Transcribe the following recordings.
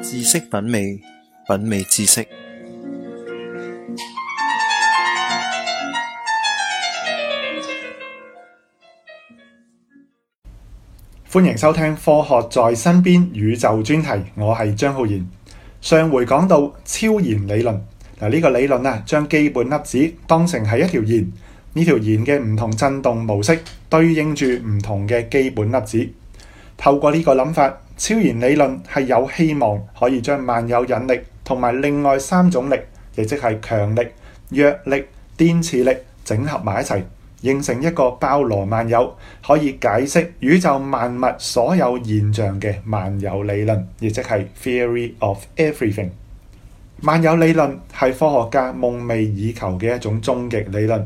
知識品味，品味知識。歡迎收聽《科學在身邊：宇宙》專題。我係張浩然。上回講到超弦理論嗱，呢個理論啊，將基本粒子當成係一條弦，呢條弦嘅唔同震動模式對應住唔同嘅基本粒子。透過呢個諗法。超弦理論係有希望可以將萬有引力同埋另外三種力，亦即係強力、弱力、電磁力整合埋一齊，形成一個包羅萬有，可以解釋宇宙萬物所有現象嘅萬有理論，亦即係 Theory of Everything。萬有理論係科學家夢寐以求嘅一種終極理論，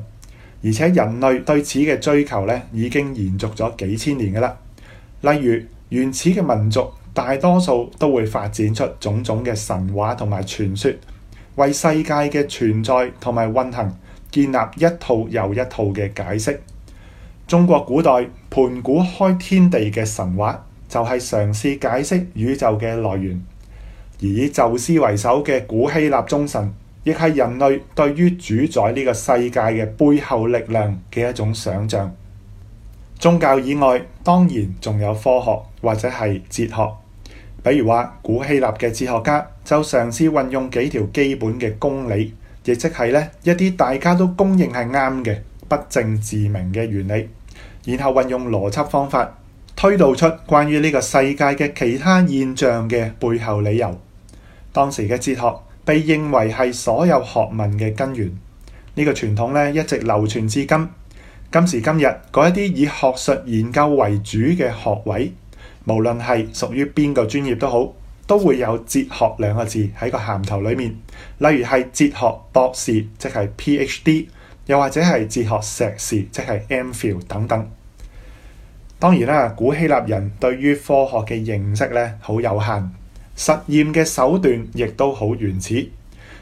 而且人類對此嘅追求咧，已經延續咗幾千年㗎喇。例如，原始嘅民族大多數都會發展出種種嘅神話同埋傳說，為世界嘅存在同埋運行建立一套又一套嘅解釋。中國古代盤古開天地嘅神話就係嘗試解釋宇宙嘅來源，而以宙斯為首嘅古希臘眾神，亦係人類對於主宰呢個世界嘅背後力量嘅一種想像。宗教以外，當然仲有科學或者係哲學。比如話，古希臘嘅哲學家就嘗試運用幾條基本嘅公理，亦即係咧一啲大家都公認係啱嘅不證自明嘅原理，然後運用邏輯方法推導出關於呢個世界嘅其他現象嘅背後理由。當時嘅哲學被認為係所有學問嘅根源，呢、這個傳統咧一直流傳至今。今時今日，嗰一啲以學術研究為主嘅學位，無論係屬於邊個專業都好，都會有哲學兩個字喺個銜頭裏面。例如係哲學博士，即係 PhD，又或者係哲學碩士，即係 MPhil 等等。當然啦，古希臘人對於科學嘅認識咧，好有限，實驗嘅手段亦都好原始，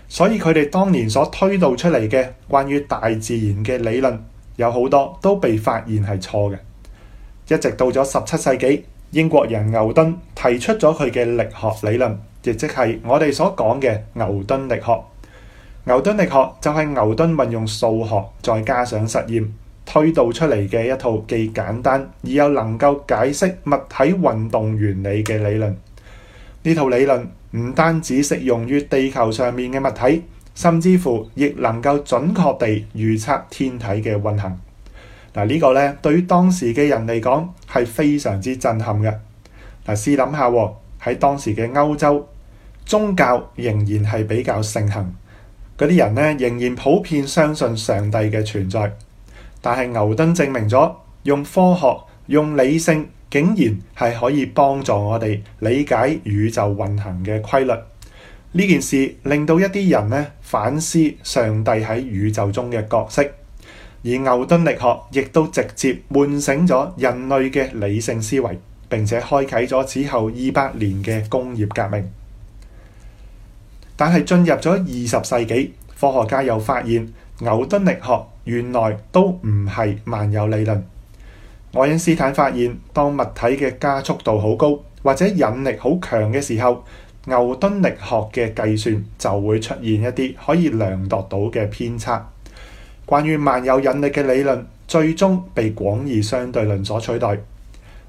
所以佢哋當年所推導出嚟嘅關於大自然嘅理論，有好多都被發現係錯嘅，一直到咗十七世紀，英國人牛頓提出咗佢嘅力學理論，亦即係我哋所講嘅牛頓力學。牛頓力學就係牛頓運用數學再加上實驗推導出嚟嘅一套既簡單而又能夠解釋物體運動原理嘅理論。呢套理論唔單止適用於地球上面嘅物體。甚至乎亦能夠準確地預測天體嘅運行。嗱，呢個咧，對於當時嘅人嚟講係非常之震撼嘅。嗱，試諗下喎，喺當時嘅歐洲，宗教仍然係比較盛行，嗰啲人咧仍然普遍相信上帝嘅存在。但係牛頓證明咗，用科學、用理性，竟然係可以幫助我哋理解宇宙運行嘅規律。呢件事令到一啲人呢，反思上帝喺宇宙中嘅角色，而牛頓力學亦都直接喚醒咗人類嘅理性思維，並且開啟咗此後二百年嘅工業革命。但係進入咗二十世紀，科學家又發現牛頓力學原來都唔係萬有理論。愛因斯坦發現，當物體嘅加速度好高或者引力好強嘅時候，牛頓力學嘅計算就會出現一啲可以量度到嘅偏差。關於萬有引力嘅理論，最終被廣義相對論所取代。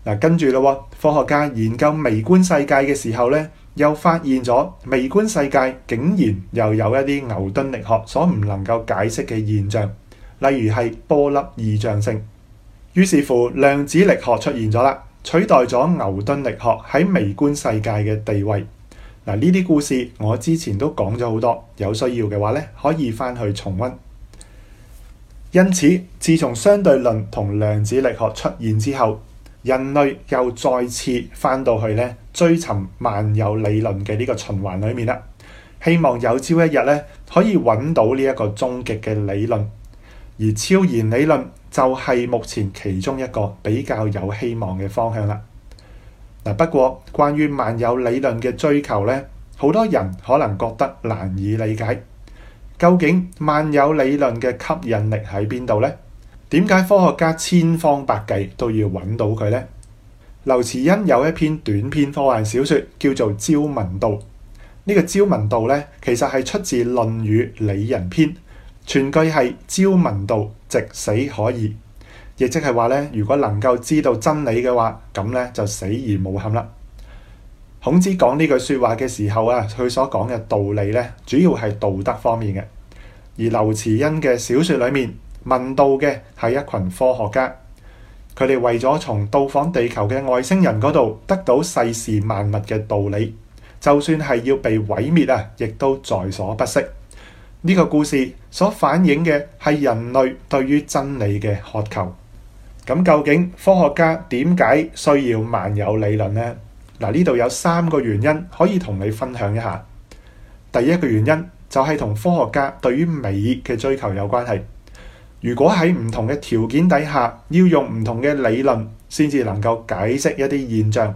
嗱，跟住咯，科學家研究微觀世界嘅時候咧，又發現咗微觀世界竟然又有一啲牛頓力學所唔能夠解釋嘅現象，例如係波粒二象性。於是乎，量子力學出現咗啦，取代咗牛頓力學喺微觀世界嘅地位。嗱，呢啲故事我之前都講咗好多，有需要嘅話咧，可以翻去重温。因此，自從相對論同量子力學出現之後，人類又再次翻到去咧追尋萬有理論嘅呢個循環裏面啦，希望有朝一日咧可以揾到呢一個終極嘅理論，而超弦理論就係目前其中一個比較有希望嘅方向啦。不過，關於萬有理論嘅追求咧，好多人可能覺得難以理解。究竟萬有理論嘅吸引力喺邊度呢？點解科學家千方百計都要揾到佢呢？劉慈欣有一篇短篇科幻小説叫做《朝聞道》，呢、這個《朝聞道》咧其實係出自《論語》里仁篇，全句係《朝聞道，夕死可矣》。亦即係話咧，如果能夠知道真理嘅話，咁咧就死而無憾啦。孔子講呢句説話嘅時候啊，佢所講嘅道理咧，主要係道德方面嘅。而劉慈欣嘅小説裡面問道嘅係一群科學家，佢哋為咗從到訪地球嘅外星人嗰度得到世事萬物嘅道理，就算係要被毀滅啊，亦都在所不惜。呢個故事所反映嘅係人類對於真理嘅渴求。咁究竟科學家點解需要萬有理論呢？嗱，呢度有三個原因可以同你分享一下。第一個原因就係同科學家對於美嘅追求有關係。如果喺唔同嘅條件底下要用唔同嘅理論先至能夠解釋一啲現象，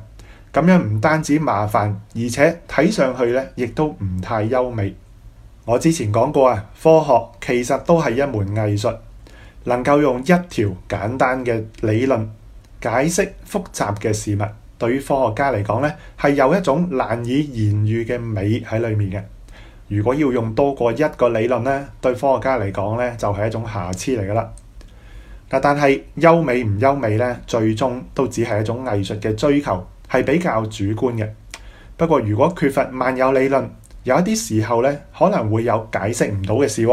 咁樣唔單止麻煩，而且睇上去咧亦都唔太優美。我之前講過啊，科學其實都係一門藝術。能夠用一條簡單嘅理論解釋複雜嘅事物，對於科學家嚟講咧，係有一種難以言喻嘅美喺裡面嘅。如果要用多過一個理論咧，對科學家嚟講咧，就係一種瑕疵嚟嘅啦。嗱，但係優美唔優美咧，最終都只係一種藝術嘅追求，係比較主觀嘅。不過，如果缺乏萬有理論，有一啲時候咧，可能會有解釋唔到嘅事。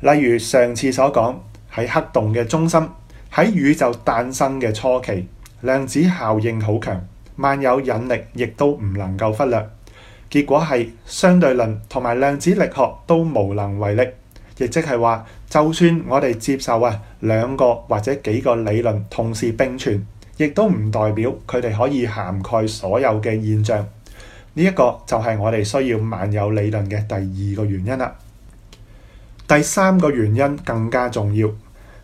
例如上次所講。喺黑洞嘅中心，喺宇宙誕生嘅初期，量子效應好強，萬有引力亦都唔能夠忽略。結果係相對論同埋量子力學都無能為力，亦即係話，就算我哋接受啊兩個或者幾個理論同時並存，亦都唔代表佢哋可以涵蓋所有嘅現象。呢一個就係我哋需要萬有理論嘅第二個原因啦。第三個原因更加重要。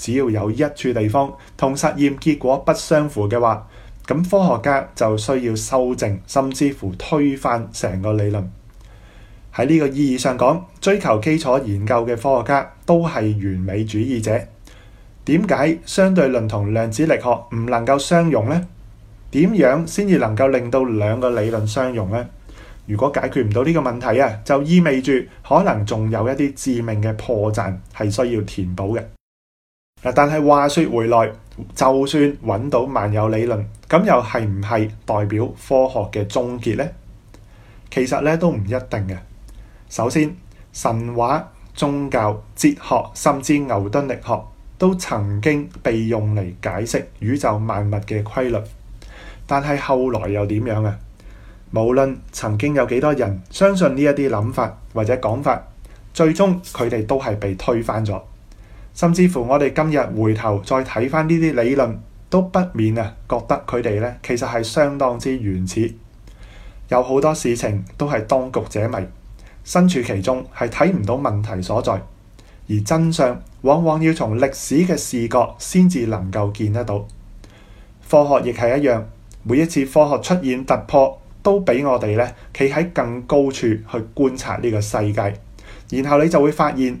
只要有一處地方同實驗結果不相符嘅話，咁科學家就需要修正，甚至乎推翻成個理論。喺呢個意義上講，追求基礎研究嘅科學家都係完美主義者。點解相對論同量子力學唔能夠相容呢？點樣先至能夠令到兩個理論相容呢？如果解決唔到呢個問題啊，就意味住可能仲有一啲致命嘅破綻係需要填補嘅。但係話說回來，就算揾到萬有理論，咁又係唔係代表科學嘅終結呢？其實咧都唔一定嘅。首先，神話、宗教、哲學，甚至牛頓力學，都曾經被用嚟解釋宇宙萬物嘅規律。但係後來又點樣啊？無論曾經有幾多人相信呢一啲諗法或者講法，最終佢哋都係被推翻咗。甚至乎我哋今日回頭再睇翻，呢啲理論，都不免啊覺得佢哋咧其實係相當之原始，有好多事情都係當局者迷，身處其中係睇唔到問題所在，而真相往往要從歷史嘅視角先至能夠見得到。科學亦係一樣，每一次科學出現突破，都俾我哋咧企喺更高處去觀察呢個世界，然後你就會發現，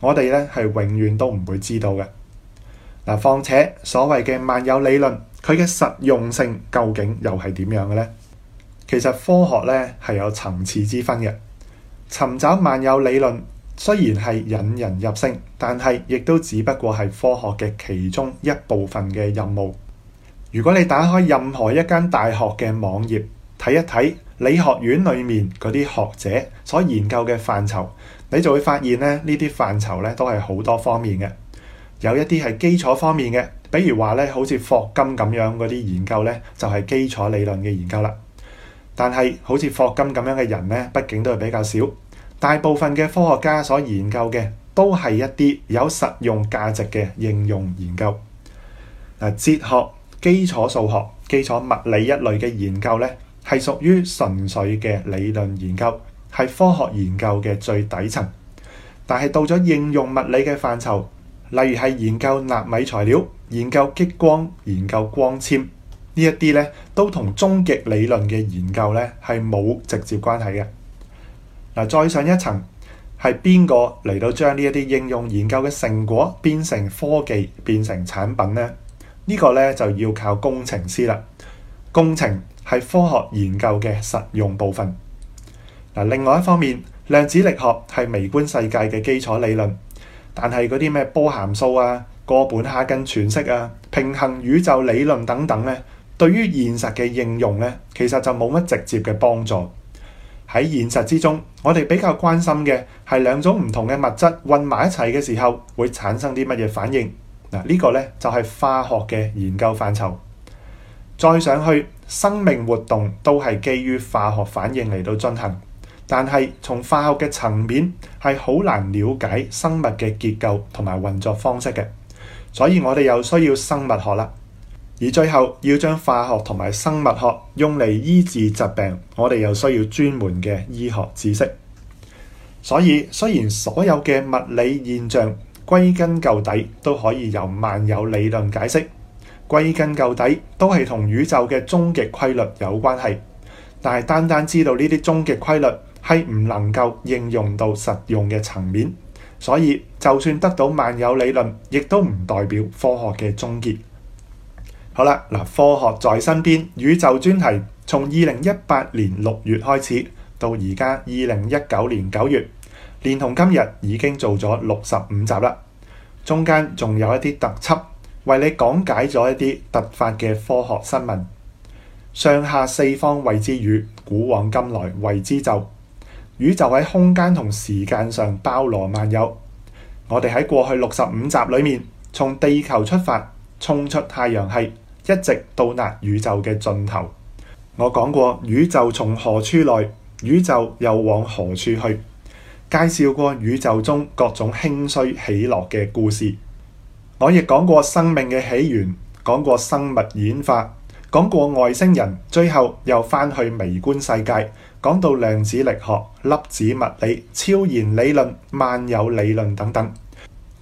我哋咧係永遠都唔會知道嘅。嗱，況且所謂嘅萬有理論，佢嘅實用性究竟又係點樣嘅呢？其實科學咧係有層次之分嘅。尋找萬有理論雖然係引人入勝，但係亦都只不過係科學嘅其中一部分嘅任務。如果你打開任何一間大學嘅網頁，睇一睇理學院裏面嗰啲學者所研究嘅範疇。你就會發現咧，呢啲範疇咧都係好多方面嘅，有一啲係基礎方面嘅，比如話咧，好似霍金咁樣嗰啲研究咧，就係基礎理論嘅研究啦。但係好似霍金咁樣嘅人咧，畢竟都係比較少，大部分嘅科學家所研究嘅都係一啲有實用價值嘅應用研究。嗱，哲學、基礎數學、基礎物理一類嘅研究咧，係屬於純粹嘅理論研究。係科學研究嘅最底層，但係到咗應用物理嘅範疇，例如係研究納米材料、研究激光、研究光纖呢一啲咧，都同終極理論嘅研究咧係冇直接關係嘅。嗱，再上一層，係邊個嚟到將呢一啲應用研究嘅成果變成科技、變成產品咧？呢個咧就要靠工程師啦。工程係科學研究嘅實用部分。嗱，另外一方面，量子力學係微觀世界嘅基礎理論，但係嗰啲咩波函數啊、哥本哈根詮釋啊、平衡宇宙理論等等咧，對於現實嘅應用咧，其實就冇乜直接嘅幫助。喺現實之中，我哋比較關心嘅係兩種唔同嘅物質混埋一齊嘅時候會產生啲乜嘢反應。嗱、這個，呢個咧就係、是、化學嘅研究範疇。再上去，生命活動都係基於化學反應嚟到進行。但係從化學嘅層面係好難了解生物嘅結構同埋運作方式嘅，所以我哋又需要生物學啦。而最後要將化學同埋生物學用嚟醫治疾病，我哋又需要專門嘅醫學知識。所以雖然所有嘅物理現象歸根究底都可以由萬有理論解釋，歸根究底都係同宇宙嘅終極規律有關係，但係單單知道呢啲終極規律，係唔能夠應用到實用嘅層面，所以就算得到萬有理論，亦都唔代表科學嘅終結。好啦，嗱，科學在身邊宇宙專題，從二零一八年六月開始到而家二零一九年九月，連同今日已經做咗六十五集啦。中間仲有一啲特輯，為你講解咗一啲突發嘅科學新聞。上下四方謂之宇，古往今來謂之宙。宇宙喺空間同時間上包羅萬有。我哋喺過去六十五集裏面，從地球出發，沖出太陽系，一直到達宇宙嘅盡頭。我講過宇宙從何處來，宇宙又往何處去？介紹過宇宙中各種興衰起落嘅故事。我亦講過生命嘅起源，講過生物演化，講過外星人，最後又返去微觀世界。講到量子力學、粒子物理、超弦理論、萬有理論等等，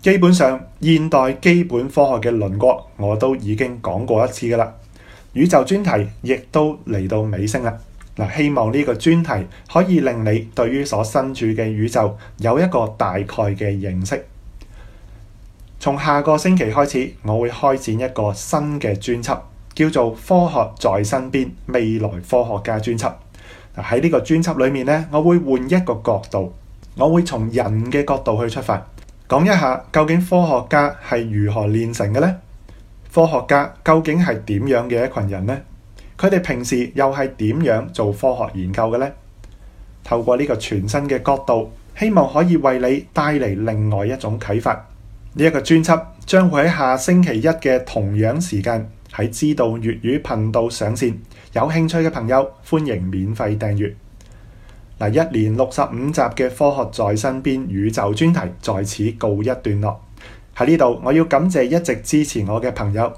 基本上現代基本科學嘅輪廓我都已經講過一次噶啦。宇宙專題亦都嚟到尾聲啦。嗱，希望呢個專題可以令你對於所身處嘅宇宙有一個大概嘅認識。從下個星期開始，我會開展一個新嘅專輯，叫做《科學在身邊：未來科學家專輯》。喺呢個專輯裏面咧，我會換一個角度，我會從人嘅角度去出發講一下究竟科學家係如何煉成嘅呢？科學家究竟係點樣嘅一群人呢？佢哋平時又係點樣做科學研究嘅呢？透過呢個全新嘅角度，希望可以為你帶嚟另外一種啟發。呢一個專輯將會喺下星期一嘅同樣時間喺知道粵語頻道上線。有興趣嘅朋友，歡迎免費訂閱。嗱，一年六十五集嘅《科學在身邊》宇宙專題在此告一段落。喺呢度，我要感謝一直支持我嘅朋友。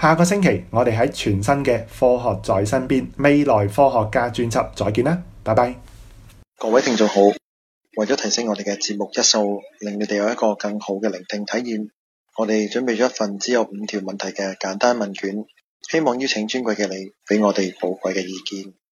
下個星期，我哋喺全新嘅《科學在身邊》未來科學家專輯再見啦，拜拜！各位聽眾好，為咗提升我哋嘅節目質素，令你哋有一個更好嘅聆聽體驗，我哋準備咗一份只有五條問題嘅簡單問卷。希望邀請尊貴嘅你，俾我哋寶貴嘅意見。